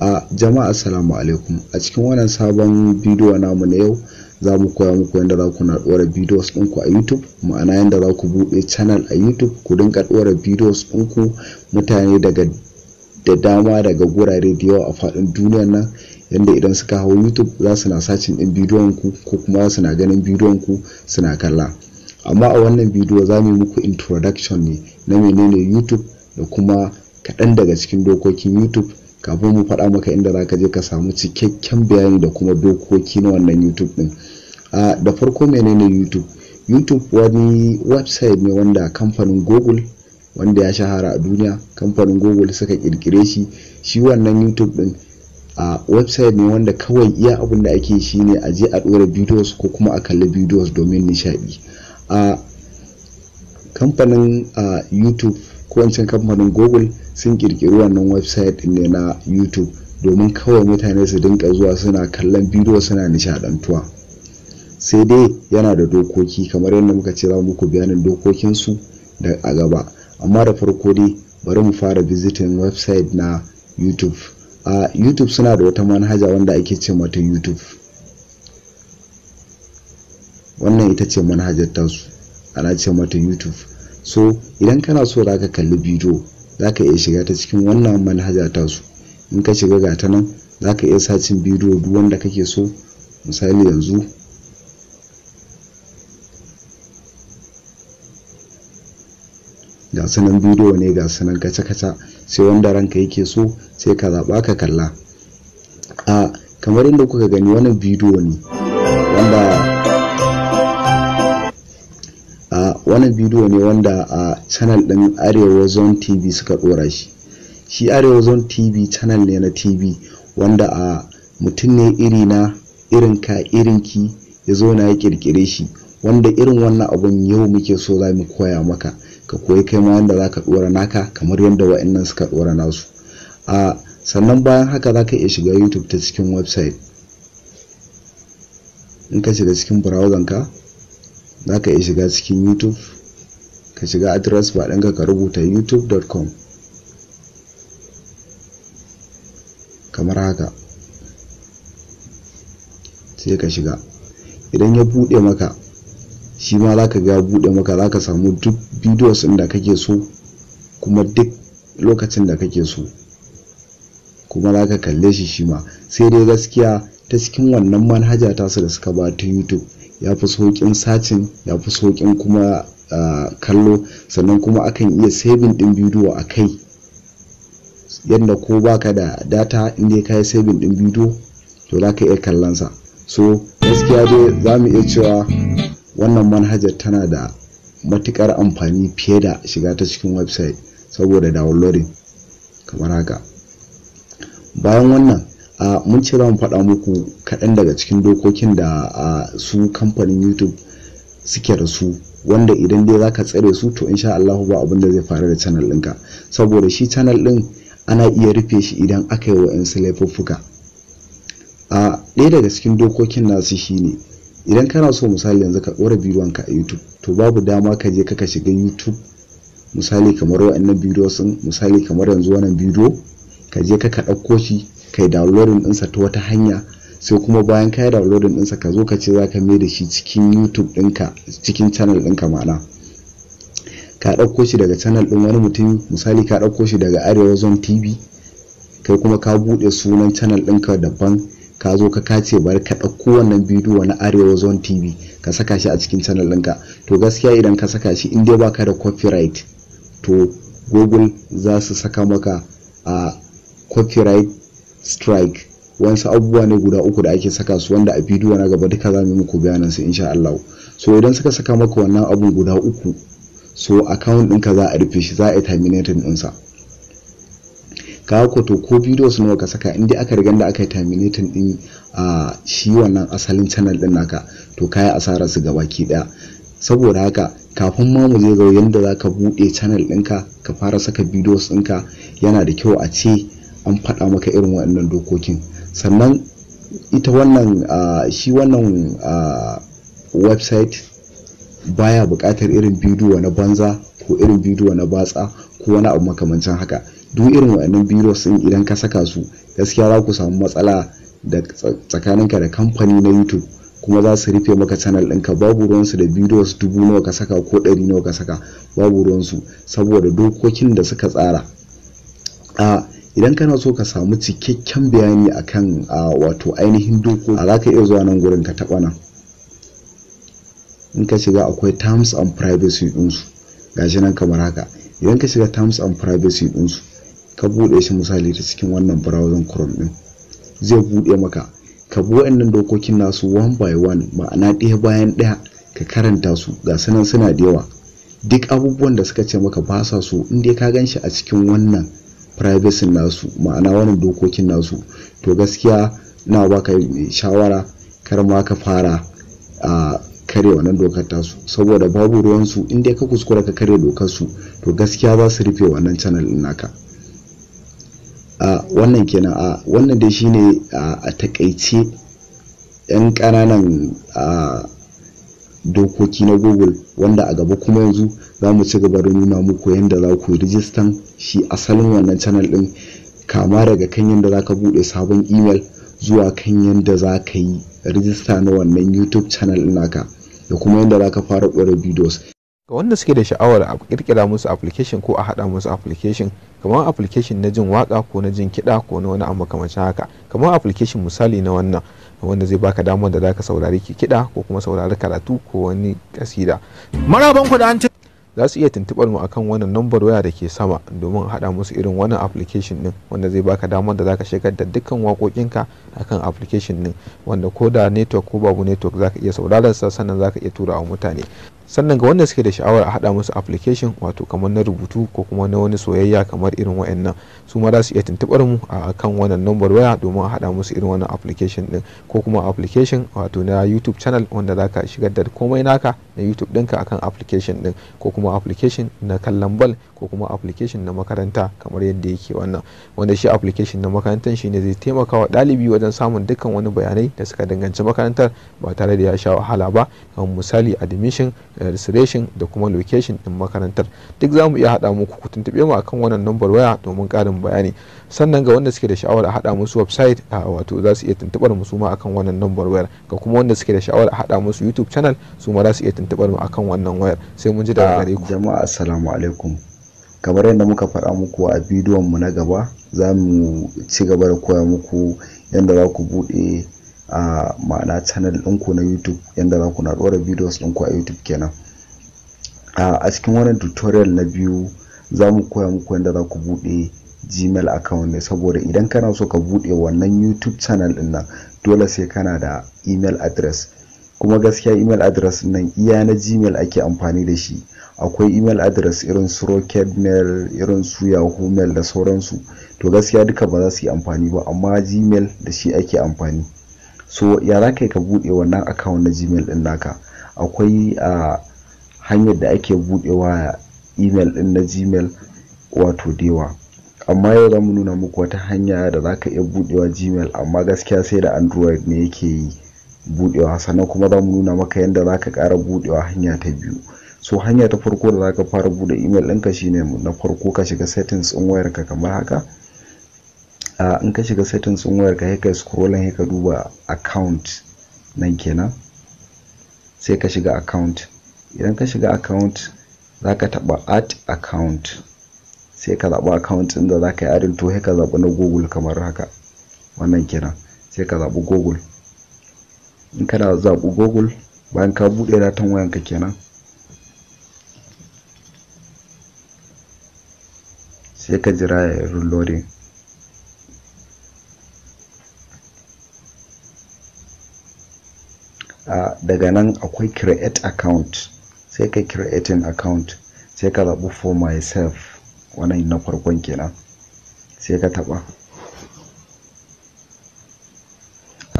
a jama'a assalamu alaikum a cikin wannan sabon bidiyo namu na yau za mu koya muku yadda za ku na ɗora bidiyos ɗinku a youtube ma'ana yadda za ku buɗe channel a youtube ku dinga ɗora bidiyos ɗinku mutane daga da dama daga gurare da yawa a faɗin duniyar nan yadda idan suka hau youtube za su na sacin ɗin bidiyon ku ko kuma su na ganin bidiyon ku suna kalla amma a wannan bidiyo za mu yi muku introduction ne na menene youtube da kuma kaɗan daga cikin dokokin youtube kafin mu faɗa maka inda za ka je ka samu cikakken bayani da kuma dokoki na wannan youtube din da farko menene youtube youtube wani website ne wanda kamfanin google wanda ya shahara a duniya kamfanin google suka kirkire shi shi wannan youtube din a website ne wanda kawai iya abin da ake shi ne a je a ɗora videos ko kuma a kalli videos domin nishaɗi a kamfanin youtube kowancen kamfanin google sun kirkiri wannan website din ne na youtube domin kawai mutane su dinka zuwa suna kallon bidiyo suna nishadantuwa sai dai yana da dokoki kamar yadda muka ce za muku bayanin dokokinsu da a gaba amma da farko dai bari mu fara visitin website na youtube a youtube suna da wata manhaja wanda ake ce mata youtube wannan ita ce manhajar tasu ana ce mata youtube so idan kana so za ka kalli bidiyo za ka iya shiga ta cikin wannan manhaja ta su, in ka shiga ga ta nan za ka iya sacin bidiyo duk wanda kake so misali yanzu ga sanan bidiyo ne ga sanan kaca-kaca sai wanda ranka yake so sai ka zaɓa ka kalla a kamar inda kuka gani wani bidiyo ne wanda Wannan bidiyo ne wanda a channel din arewa zone tv suka dora shi shi arewa zone tv channel ne na tv wanda a mutum ne iri na irin ka ki ya zo na ya kirkire shi wanda irin wannan abun yau muke so za mu koya maka ka koyi kai ma wanda za ka dora naka kamar yadda wa'annan suka dora nasu a sannan bayan haka za ka iya shiga youtube ta cikin website in ka shiga cikin browser ka za ka iya shiga cikin youtube ka shiga address ba ɗinka ka rubuta youtube.com kamar haka sai ka shiga idan ya buɗe maka shi ma za ka ga buɗe maka za ka samu duk bidiyos da kake so kuma duk lokacin da kake so kuma za ka kalle shi shi ma sai dai gaskiya ta cikin wannan manhaja tasu da suka ba ta youtube ya fi sauƙin sacin ya fi sauƙin kuma kallo sannan kuma akan iya sabin ɗin bidiyo a kai yadda ko baka da data inda ka yi sabin ɗin bidiyo to za ka iya kallonsa so gaskiya dai za mu iya cewa wannan manhajar tana da matukar amfani fiye da shiga ta cikin website saboda downloading kamar haka bayan wannan mun ce za mu faɗa muku kaɗan daga cikin dokokin da su kamfanin youtube suke da su wanda idan dai zaka tsare su to insha Allah ba abin da zai faru da channel ɗinka saboda shi channel ɗin ana iya rufe shi idan aka yi su laifuffuka a ɗaya daga cikin dokokin nasu shine idan kana so misali yanzu ka ɗora bidiyonka a youtube to babu dama ka je ka shiga youtube misali kamar wa'annan bidiyo sun misali kamar yanzu wannan bidiyo ka je ka ka ɗauko shi ka yi downloading ɗinsa ta wata hanya sai kuma bayan ka yi downloading ɗinsa ka zo ka ce za ka mai da shi cikin youtube ɗinka cikin channel ɗinka ma'ana ka ɗauko shi daga channel ɗin wani mutum misali ka ɗauko shi daga arewa zone tv kai kuma ka buɗe sunan channel ɗinka daban ka zo ka kace bari ka ɗauko wannan bidiyo na arewa zone tv ka saka shi a cikin channel ɗinka to gaskiya idan ka saka shi in dai ka da copyright to google za su saka maka a ah, copyright strike wasu abubuwa ne guda uku da ake saka su wanda a bidiyo na gaba duka za mu yi muku bayanan su insha Allah so idan suka saka maka wannan abun guda uku so account ɗinka za a rufe shi za a yi terminating ɗinsa ka ko to ko bidiyo su nawa ka saka in dai aka riga da aka yi terminating ɗin a shi wannan asalin channel ɗin naka to kaya asara su gaba ki daya saboda haka kafin ma mu je ga yanda za ka buɗe channel ɗinka ka fara saka videos ɗinka yana da kyau a ce an faɗa maka irin waɗannan dokokin sannan ita wannan shi wannan website baya buƙatar irin bidiyo na banza ko irin bidiyo na batsa ko wani abu makamancin haka duk irin waɗannan bidiyo sun idan ka saka su gaskiya za ku samu matsala da tsakaninka da kamfani na youtube kuma za su rufe maka channel ɗinka babu ruwansu da bidiyos dubu nawa ka saka ko ɗari nawa ka saka babu ruwansu saboda dokokin da suka tsara a idan kana so ka samu cikakken bayani akan wato ainihin doko a za ka iya zuwa nan gurin ka taɓa nan in ka shiga akwai terms and privacy ɗinsu gashi nan kamar haka idan ka shiga terms and privacy ɗinsu ka buɗe shi misali ta cikin wannan browser chrome ɗin zai buɗe maka ka bi waɗannan dokokin nasu one by one ma'ana ɗaya bayan ɗaya ka karanta su ga sanan suna da yawa duk abubuwan da suka ce maka ba sa so in dai ka gan shi a cikin wannan privacy nasu ma'ana wannan dokokin nasu to gaskiya na baka shawara kar ma ka fara a kare wannan dokar tasu saboda babu ruwansu in dai ka kuskura ka kare dokar su to gaskiya za su rufe wannan channel din naka a wannan kenan a wannan dai shine a takaice yan ƙananan a dokoki na google wanda a gaba kuma yanzu za mu ci gaba da nuna muku yadda za ku yi rijistan shi asalin wannan channel din kama daga kan yadda za ka bude sabon email zuwa kan yadda za ka yi rijista na wannan youtube channel naka da kuma yadda za ka fara kware videos ga wanda suke da sha'awar a kirkira musu application ko a hada musu application kamar application na jin waka ko na jin kiɗa ko na wani abu kamar haka kamar application misali na wannan wanda zai baka damar da zaka saurari kiɗa ko kuma saurari karatu ko wani kasida maraban ku da an za su iya tuntubar mu akan wannan nambar waya da ke sama domin haɗa musu irin wannan application din wanda zai baka damar da zaka shigar da dukkan waƙoƙinka akan application din wanda ko da network ko babu network zaka iya sauraron sa sannan zaka iya tura wa mutane sannan ga wanda suke da sha'awar a hada musu application wato kamar na rubutu ko kuma na wani soyayya kamar irin wa'annan su ma za su iya tuntubar mu a kan wannan number waya domin a hada musu irin wannan application din ko kuma application wato na youtube channel wanda za ka shigar da komai naka na youtube ɗinka akan application din ko kuma application na kallon ball ko kuma application na makaranta kamar yadda yake wannan wanda shi application na makarantar shine zai taimaka wa ɗalibi wajen samun dukkan wani bayanai da suka danganci makarantar ba tare da ya sha wahala ba kamar misali admission registration da kuma location ɗin makarantar duk za mu iya haɗa muku ku tuntuɓe mu akan wannan number waya domin ƙarin bayani sannan ga wanda suke da sha'awar a haɗa musu website a wato za su iya tuntuɓar musu ma akan wannan number waya ga kuma wanda suke da sha'awar a haɗa musu youtube channel su ma za su iya tuntuɓar mu akan wannan wayar sai mun ji daga gare ku jama'a assalamu alaikum kamar yadda muka faɗa muku a bidiyon mu na gaba za mu ci gaba da koya muku yadda za ku buɗe a ma'ana channel ɗinku na youtube yadda za ku na ɗora videos ɗinku a youtube kenan a cikin wannan tutorial na biyu za mu koya muku yadda za ku buɗe gmail account ne saboda idan kana so ka buɗe wannan youtube channel ɗin nan dole sai kana da email address kuma gaskiya email address nan iya na gmail ake amfani da shi akwai email address irin su rocket mail irin su yahoo mail da sauransu to gaskiya duka ba za su yi amfani ba amma gmail da shi ake amfani so ya za ka buɗe wannan account na gmail ɗin naka akwai a hanyar da ake buɗewa email ɗin na gmail wato dewa amma yau za nuna muku wata hanya da za ka iya buɗewa gmail amma gaskiya sai da android ne yake yi budewa sannan kuma za mu nuna maka yadda za ka kara budewa hanya ta biyu so hanya ta farko da za ka fara bude email ɗinka shine na farko ka shiga settings ɗin wayarka kamar haka in ka shiga settings ɗin wayarka ka scrolling ka duba account nan kenan sai ka shiga account idan ka shiga account za ka taɓa add account sai ka zaɓi account ɗin da za ka yi adin to ka zaɓi na google kamar haka wannan kenan sai ka zaɓi google in kana zaɓu google bayan ka buɗe datan wayanka kenan sai ka jira ya reloading a daga nan akwai create account sai ka creating account sai ka zaɓi for myself wannan na farkon kenan sai ka taɓa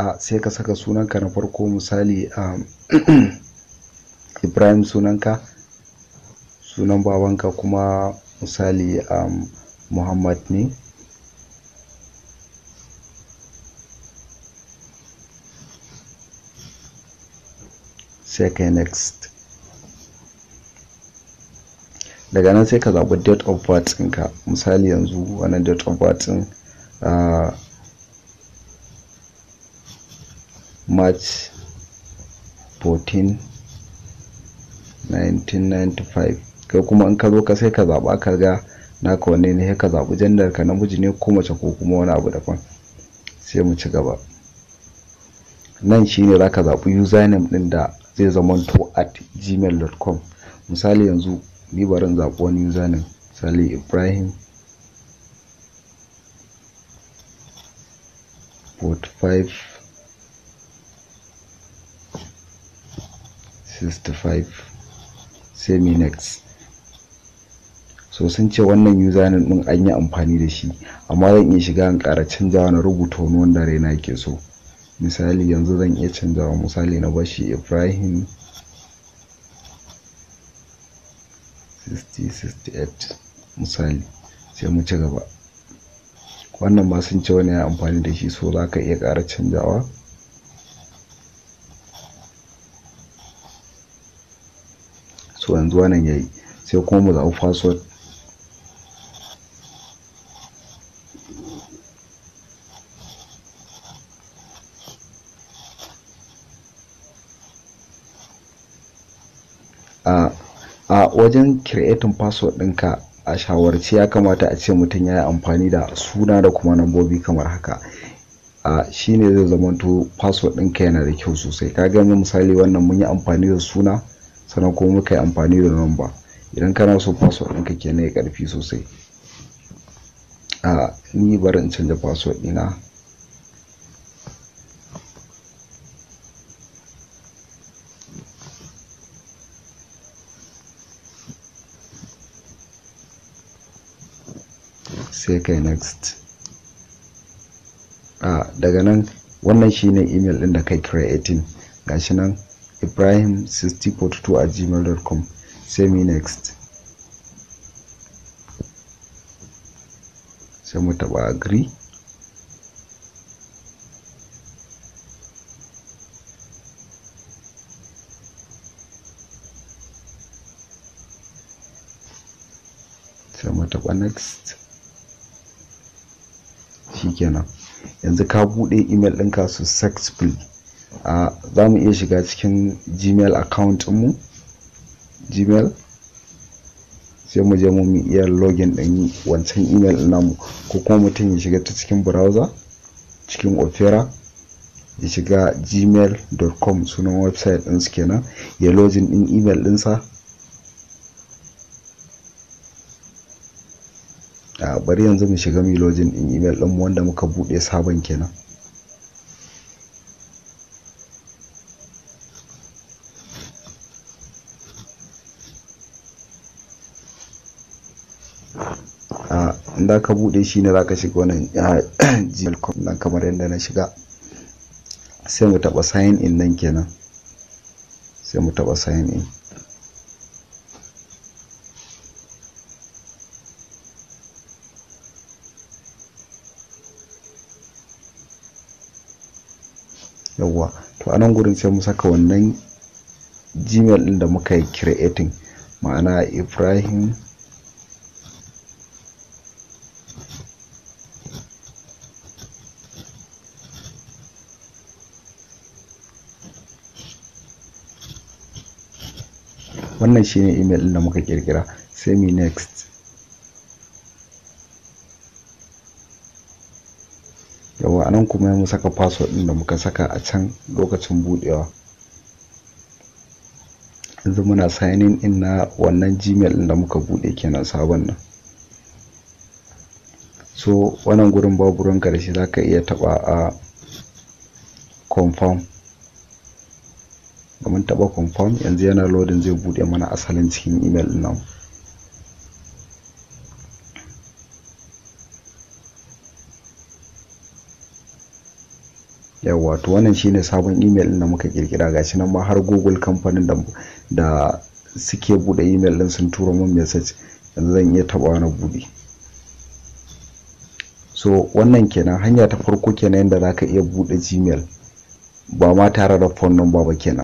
a sai ka saka sunanka na farko misali ibrahim sunanka sunan babanka kuma misali muhammad ne sai next daga nan sai ka zaɓi date of birth ɗinka misali yanzu wannan date of birth ɗin march 14 1995 kai kuma in ka zo ka sai ka zaɓa ka ga ka wanne ne ka zaɓi jandar ka namiji ne ko mace ko kuma wani abu daban sai mu ci gaba nan shine za ka zaɓi username ɗin da zai zamanto at gmail.com misali yanzu ni barin zaɓi wani username misali ibrahim 45 65 seminex so sun ce wannan username din an yi amfani da shi amma zan iya shiga in kara canjawa na rubuta wani wanda raina ke so misali yanzu zan iya canjawa misali na bashi ibrahim 6068 misali sai mu ci gaba wannan ma sun ce wani ya amfani da shi so za ka iya ƙara canjawa so yanzu wannan yayi sai kuma mu zaɓi password a wajen creating password ɗinka a shawarci ya kamata a ce mutum ya yi amfani da suna da kuma nambobi kamar haka a shine zai zamanto password ɗinka yana da kyau sosai ka ga misali wannan mun yi amfani da suna sannan kuma muka yi amfani da nomba idan kana so password ɗinka kenan ya ƙarfi sosai a ni barin canja canza password ɗina sai kai next a daga nan wannan shine imel ɗin da kai creating gashi nan ibrahim 6042 a gmail.com sai me next sai mu taba agree sai mu taba next shikenan yanzu ka bude email ɗinka successfully za mu iya shiga cikin gmail account mu gmail sai mu je mu iya login din wancan email namu ko kuma mutum ya shiga ta cikin browser cikin opera ya shiga gmail.com sunan website din su kenan ya login ɗin email ɗinsa a bari yanzu mu shiga mu login din email ɗinmu wanda muka buɗe sabon kenan da ka bude shi ne za ka shiga wannan gmail.com nan kamar yadda na shiga sai mu taɓa sign in nan kenan sai mu taɓa sign in yawwa to a nan gurin sai mu saka wannan gmail ɗin da muka yi creating ma'ana ibrahim wannan shine email ɗin da muka kirkira semi next yawa anan kuma ya saka password ɗin da muka saka a can lokacin buɗewa yanzu muna signing in na wannan gmail ɗin da muka buɗe kenan sabon nan so wannan gurin babu ruwan karshe za ka iya taɓa a confirm da mun taba confirm yanzu yana loading zai bude mana asalin cikin email din nan yawa to wannan shine sabon email din da muka kirkira gashi nan ma har google kamfanin da da suke bude email din sun tura mun message yanzu zan iya taba na bude so wannan kenan hanya ta farko kenan yadda zaka iya bude gmail ba ma tare da phone number ba kenan